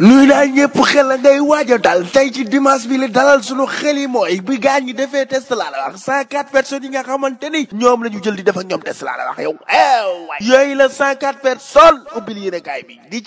nuy naa ñëpp xel a ngay waaj a dal tey ci dimanche bi li dalal sunu xel yi mooy bi gaa ñi defee test laa la wax cent quatre personnes yi nga xamante ni ñoom la ñu jël di def ñoom test laa la wax yow eh, waay la cent quatre personnes ubbil yéen bi di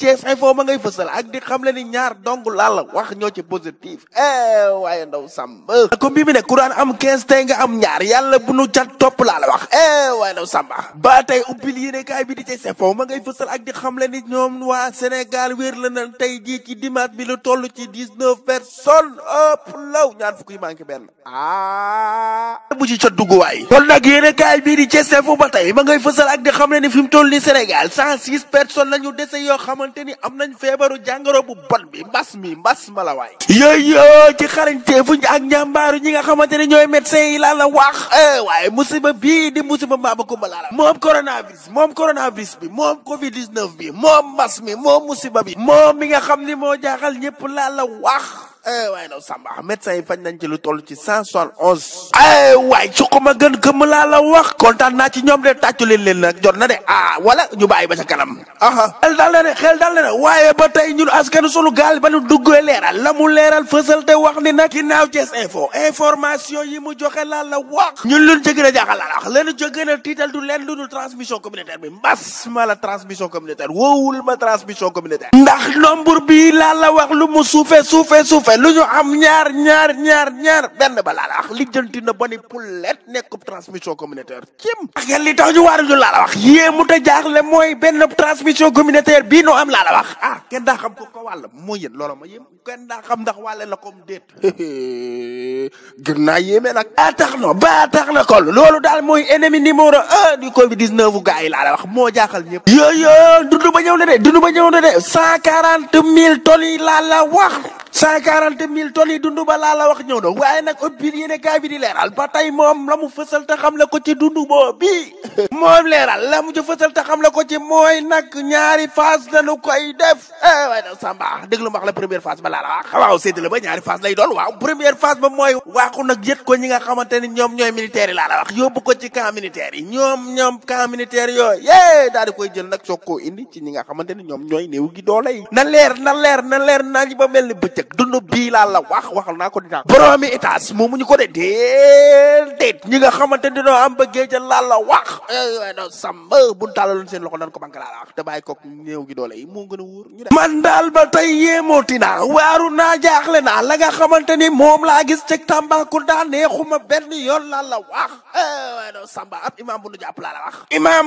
ma ngay fësal ak di xam le ni ñaar dong la wax ñoo ci positif eh, waaye ndaw sàmb ko mbi mi ku daan am quinze tey nga am ñaar yàlla bu nu cat topp laa la wax eh, waaye ndaw sàmba ba tey ubbil yéen kaay bi ma ngay fësal ak di xam le ni ñoom waa Sénégal wéer la na tey ji yi ci dimanche bi lu toll ci dix-neuf personnes ëpp law ñaan fukk yi manqué benn ah. bu ci ca dugguwaay kon nag yéen kaay bii di Thiès Info ba tey ma ngay fësal ak di xam ne ni fi mu toll ni Sénégal cent six personnes la ñu dese yoo xamante ni am nañ feebaru jàngoro bu bon bi mbas mi mbas ma la waay ci yoo ci xarañteefuñ ak njàmbaaru ñi nga xamante ni ñooy médecin yi laa la wax eh, waaye musiba bi di musiba maama kumba laa la moom coronavirus moom coronavirus moom covid bi moom mbas mi moom musiba li moo jaaxal ñëpp laa la wax ay eh, waaye ndaw Samba médecin yi fañ nañ ci lu toll ci cent soixante onze eh, ay ko ma gën gëm laa la wax kontaan naa ci ñoom de tàccu leen leen nag jot na de ah wala ñu bàyyi ba ca kanam aha xel dal na ne xel dal na ne waaye ba tey ñun askan sunu gaal ba nu duggee leeral la mu leeral fësal te wax ni nag ginnaaw Thiès info information yi mu joxe laa la wax ñun luñ ca gën a la wax lanu ca a tiital du leen lu transmission communautaire bi mbas ma la transmission communautaire woowul ma transmission communautaire ndax nombre bi laa la lu ñu am ñaar ñaar ñaar benn ba laa la wax lijjanti ba ni poulet nekkub transmission communautaire cim ak yàlla li tax ñu waaru ñu laa la wax yéemu te jaaxle mooy benn transmission communautaire bii am laa la wax ah kenn ko ko wàll mooy yéen loola ma yéem kenn daa xam ndax wàlle la comme déet gën naa yéeme a tax na ba tax na kon loolu daal mooy ennemi numéro un du covid 19 bu gars yi laa wax moo jaaxal ñëpp yo yo dund ba ñëw na de dund ba cent quarante mille tonnes yi laa la wax cent trente mille tonnes yi dund ba laa la wax ñëw na waaye nag ëpp biir yéene leeral ba moom la mu fësal te xam la ko ci dund boo bii moom leeral la mu ci fësal te xam la ko ci mooy nag ñaari phase dañu koy def eh, waaye nag Samba déglu ma wax la première phase ba laa la wax waaw séddale ba ñaari phase lay doon waaw première phase ba mooy waaxu nag yët ko ñi nga xamante ñoom ñooy militaires laa la wax yóbbu ko ci camp militaire yi ñoom ñoom camp militaire yooyu yee daal di koy jël nag soog koo indi ci ñi nga xamante ni ñoom ñooy néew gi doole yi na leer na leer na leer nañ ba mel ni bëccëg bii laa la wax waxal naa ko dinaa boroomi étage moomuñu ko de déel ñi nga xamante dinoo am ba géeja laa la wax way no sàmb buñ tàllaloon seen loxo ko banque laa la wax te bàyyi ko gi doole yi moo gën a wóor ñu de man daal ba tey yéemooti naa a naa jaaxle la nga xamante ni moom laa gis ceg Tambacounda neexuma benn yoon laa la wax way no samba ab imaam bu nu jàpp laa a wax imaam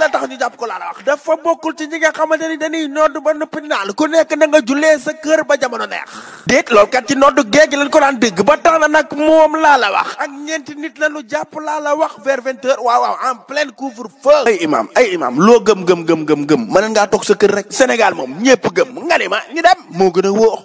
la tax ñu jàpp ko laa la wax dafa bokkul ci ñi nga xamante ni dañuy nodd ba noppi naan ku nekk na nga sa kër ba jamono neex déet lool kat ci noddu géej gi lañ ko naan dégg ba tax na nag moom laa la wax ak ñeenti nit lañu jàpp laa la wax vers vingt wa waaw waaw en plein couvre-feu ay imam ay loo gëm gëm gëm gëm gëm mën ngaa toog sa kër rek Sénégal moom ñëpp gëm nga ni ma ñu dem moo gën a wóox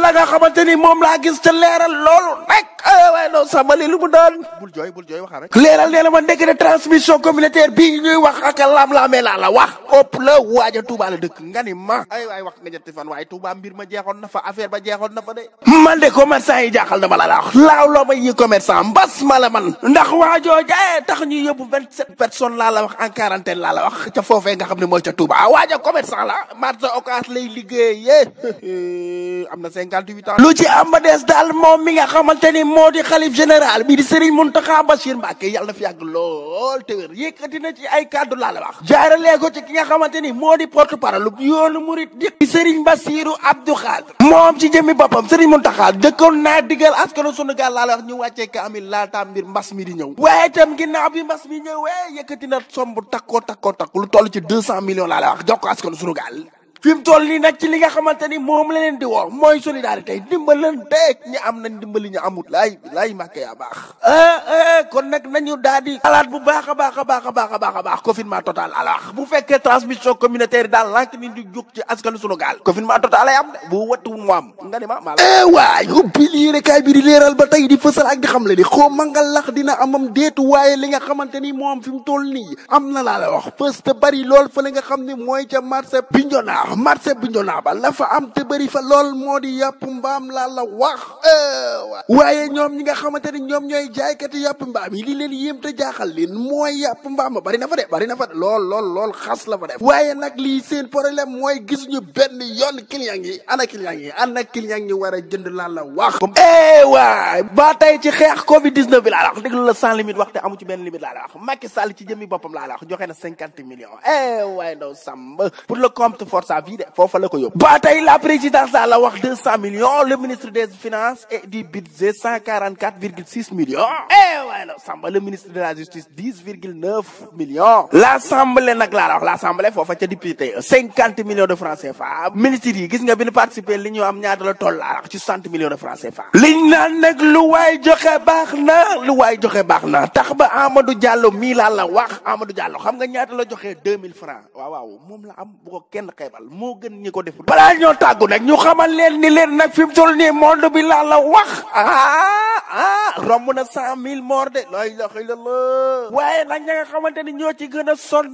la nga xamante ni moom laa gis te leeral loolu rek waaye noonu sama li lu mu doon bul jooy bul jooy waxa rek leeral nee na ma ndekk de transmission communautaire bi ñuy wax ak laam-laamee laa la wax ëpp la waaja Touba la dëkk nga ni ma ay waay wax nga ñetti fan waaye Touba mbir ma jeexoon na fa affaire ba jeexoon na fa de. man de commerçant yi jaaxal na ma la wax laaw loo may yi commerçant mbas ma la man ndax waa jooju eh, tax ñuy yóbbu vingt sept personnes laa la wax en quarantaine laa wax ca nga xam ne mooy ca Touba ah, waaja commerçant la marché Ocass lay liggéeyee am na cinquante lu ci am ba des daal moom mi nga xamante ni moo di xalif général bi di Serigne Mountakha Bachir Mbacké yàlla na fi yàgg lool te wér yëkkati na ci ay kàddu laa la wax. jaaralee ko ci ki nga ni moo di porte parole yoonu murit di Serigne moom ci jëmmi boppam Serigne Mountakha dëkkoon naa digal askanu sunu gaal laa la wax ñu wàccee kaamil laata mbir mbas mi di ñëw waaye gi ginnaaw bi mbas mi ñëwee yëkkati na somb takkoo takkoo takk lu toll ci deux cent millions laa ak wax jox ko sunu gaal fi mu toll nii nag ci li nga xamante ni moom la leen di woo mooy solidarité dimbalante ñi am nañ dimbali ñu amut laay laay màkke yaa baax. Eh, eh, eh, kon nag nañu daal di. xalaat bu baax a baax a baax a baax a baax a baax confinement total alors bu fekkee transmission communautaire daal lànk ni di jóg ci askanu sunu gaal. confinement total a am de bu wattu mu am nga ma maa la. waay ubbi lii kaay bi di leeral ba tey di fësal ak di xam le ni xoo ma nga lax dina amam déetu waaye li nga xamante ni moom fi mu toll nii am na laa la wax fës te bari lool fa la nga xam ne mooy ca marché Bignona marché bu Ndionaaba la fa am te bëri fa lool moo di yàpp mbaam laa la wax eh, waaye ñoom ñi nga xamante ni ñoom ñooy jaaykati yàpp mbaam yi li leen yéem te jaaxal leen mooy yàpp mbaam bari na fa de bari na fa de lool lool lool xas la fa de waaye nag lii seen problème mooy gisuñu benn yoon client yi ana client yi ana client yi war a jënd laa la wax comme eh waay ba tey ci xeex covid 19 bi laa la wax déglu la sans limite wax te amu ci benn limite laa la wax Macky Sall ci jëmmi joxe na cinquante millions eh waay sa vie de foofa la ko yóbbu ba tey la présidence daal la wax deux cent millions le ministre des finances et du budget cent quarante quatre virgule six millions eh waaye la samba le ministre de la justice dix virgule neuf millions l'assemblée nag laa la wax l'assemblée foofa ca député cinquante millions de francs CFA ministre yi gis nga bi participer li ñu am ñaata la wax ci soixante millions de francs CFA liñ naan nag lu waay joxe baax na lu waay joxe baax na tax ba Amadou Diallo mii laa la la joxe deux mille francs Sall moo gën ñi ko def. balaa ñoo tàggu nag ñu xamal leen ni leen nag fi mu toll nii monde bi laa la wax ah ah romb na cent mille morts de la ilaha illallah. waaye nag ña nga xamante ni ñoo ci gën a sonn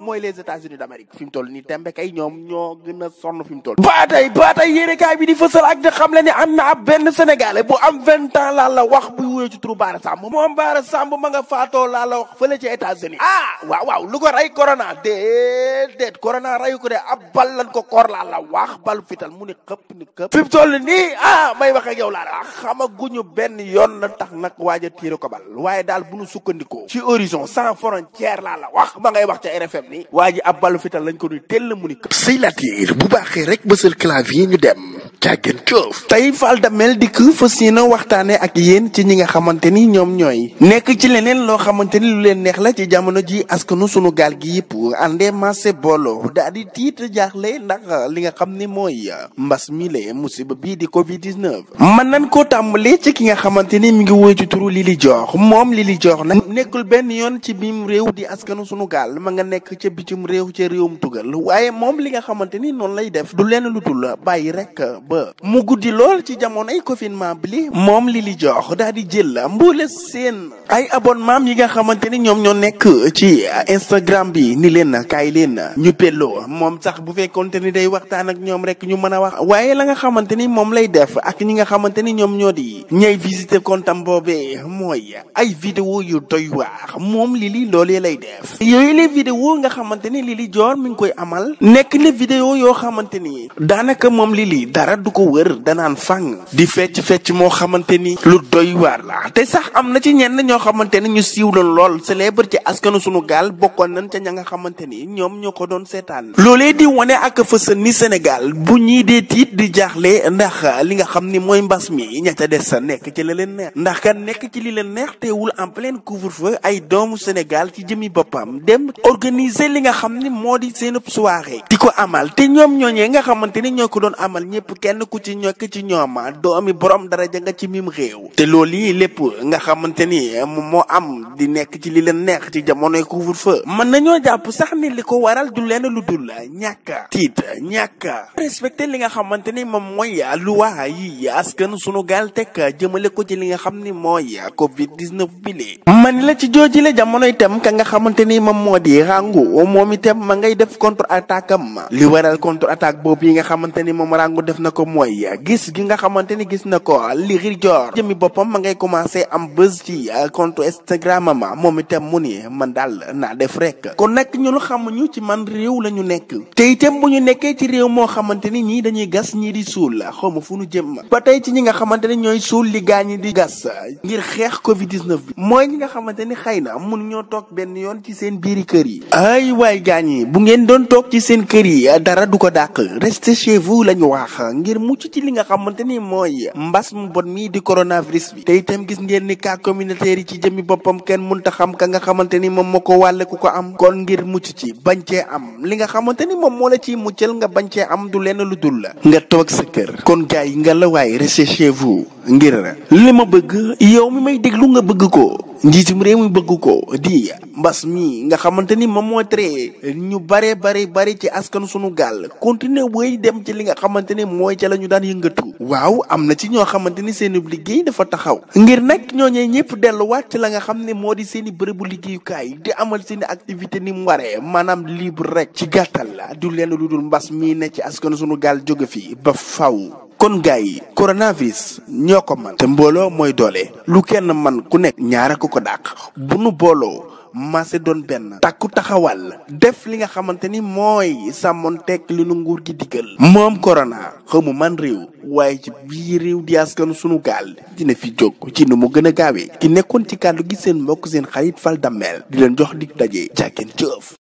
mooy les États-Unis d'Amérique fi mu toll nii tembe kay ñoom ñoo gën a sonn fi mu toll. ba tey bi di fësal ak di xam le ni am naa benn sénégalais bu am vingt ans laa la wax bu tuddoo ci turu Baara Samb moom Baara Samb ma nga faatoo laa la wax fële ci États-Unis ah waaw waaw lu ko rey corona déedéet corona reyu ko de ab bal lan ko koor laa wax balu fital mu ni xëpp ni xëpp fi mu toll nii ah may wax ak yow laa la wax xamaguñu benn yoon la tax nag waaj a tiire ko bal waaye daal bu ñu sukkandikoo ci horizon sans frontière laa wax ma ngay wax ca RFM ni waa ab balu fital lañ ko nuy tell mu ni këpp sëy latir bu baaxee rek bësal clavier ñu jaageen coof tey Valdamel dikk fas yéene waxtaanee ak yéen ci ñi nga xamante ni ñoom ñooy nekk ci leneen loo xamante ni lu leen neex la ci jamono ji askanu sunu gaal gi yëpp àndee marché booloo daal di tiit jaaxle ndax li nga xam ne mooy mbas mi la musiba bii di Covid 19. mën nañ koo tàmbalee ci ki nga xamante ni mi ngi woy ci turu Lili Dior moom Lili Dior nag nekkul benn yoon ci biim réew di askanu sunu gaal ma nga nekk ca bitim réew ca réewum tugal waaye moom li nga xamante ni noonu lay def du leen lu dul bàyyi rek. ba mu guddi lool ci jamono jamonoy confinement bi li moom li li jox daal di jël mboole seen ay abonnement yi nga xamante ni ñoom ñoo nekk ci Instagram bi ni leen kaay leen ñu pelloo moom sax bu fekkoonte ni day waxtaan ak ñoom rek ñu mën a wax waaye la nga xamante ni moom lay def ak ñi nga xamante ni ñoom ñoo di ñay visiter compte am boobee mooy ay vidéo yu doy waar moom li li loolee lay def yooyu les vidéo nga xamante ni li li joor mi ngi koy amal nekk na yoo xamante ni daanaka moom li li dara du ko wër danaan fang di fecc fecc moo xamante ni lu doy waar la te sax am na ci ñenn ñoo xamante ni ñu siiw la lool célèbre ci askanu sunu gaal bokkoon nañ ca ña nga xamante ni ñoom ñoo ko doon seetaan loolee di wane ak fësal ni Sénégal bu ñii dee tiit di jaaxle ndax li nga xam ni mooy mbas mi ña ca des sa nekk ci la leen neex ndax ka nekk ci li leen neex teewul en pleine couvre-feu ay doomu Sénégal ci jëmi boppam dem organiser li nga xam ni moo di seen soirée di ko amal te ñoom ñooñee nga xamante ñoo ko doon amal kenn ku ci ñokk ci ñooma doomi borom daraja nga ci mim réew te loolu yi lépp nga xamante ni moom moo am di nekk ci li leen neex ci jamonoy couvre-feu mën nañoo jàpp sax ni li ko waral du leen lu dul ñàkka tiit ñàkka respecté li nga xamante ni moom mooy luwa yi askan sunu gaal teg jëmale ko ci li nga xam ni mooy covid 19 bi lee man la ci jooji la jamono itam ka nga xamante ni moom moo di rangu moom itam ma ngay def contre attaque am li waral contre attaque boobu yi nga xamante ni moom rangu def na ko mooy gis gi nga xamante ni gis na ko Lirou Dior jëmi boppam ma ngay commencé am bës ci euh, compte Instagram ma moom itam mu ni man daal naa def rek kon nag ñun xamuñu ci man réew la ñu nekk tey itam bu ñu nekkee ci réew moo xamante ni ñii dañuy gas ñii di suul xawma fu ñu jëm ba tey ci ñi nga xamante ni ñooy suul li gaa ñi di gas ngir xeex Covid 19 bi mooy ñi nga xamante ni xëy na mun ñoo toog benn yoon ci seen biiri kër yi ay waay gaa ñi bu ngeen doon toog ci seen kër yi dara du ko dàq restez chez vous lañu wax ngir mucc ci li nga xamante ni mooy mbas mu bon mii di coronavirus bi te itam gis ngeen ni ka communautaire yi ci jëmi boppam kenn munta xam ka nga xamante ni moom moo ko wàlle ku ko am kon ngir mucc ci bañ cee am li nga xamante ni moom moo la ciy muccal nga bañ cee am du lenn lu dul la nga toog sa kër kon gars yi nga lawaay waay restez chez vous ngir li ma bëgg yow mi may déglu nga bëgg ko njiitum réew mi bëgg ko di mbas mi nga xamante ni moom moo tere ñu bare bare bari ci askan sunu gaal continuer way dem ci li nga xamante ni mooy ca la ñu daan yëngatu waaw am na ci ñoo xamante ni seen liggéey dafa taxaw ngir nag ñooñee ñëpp delluwaat ci la nga xam ne moo di seen i bërëbu liggéeyukaay di amal seen activité ni mu waree maanaam libr rek ci gàttal du leen lu dul mbas mii ne ci askan sunu gaal jóge fii ba faw kon gaay yi coronavirus ñoo ko man te mbooloo mooy doole lu kenn man ku nekk ñaara ko ko dàq bu nu booloo maase doon benn takku taxawal def li nga xamante ni mooy sàmmoon tekk li nu nguur gi diggal moom corona xamu man réew waaye ci biir réew di askanu sunu gaal dina fi jóg ci nu mu gën a gaawee ki nekkoon ci kàddu gi seen mbokk seen xarit fal dammeel di leen jox dig daje jàkkeen jëf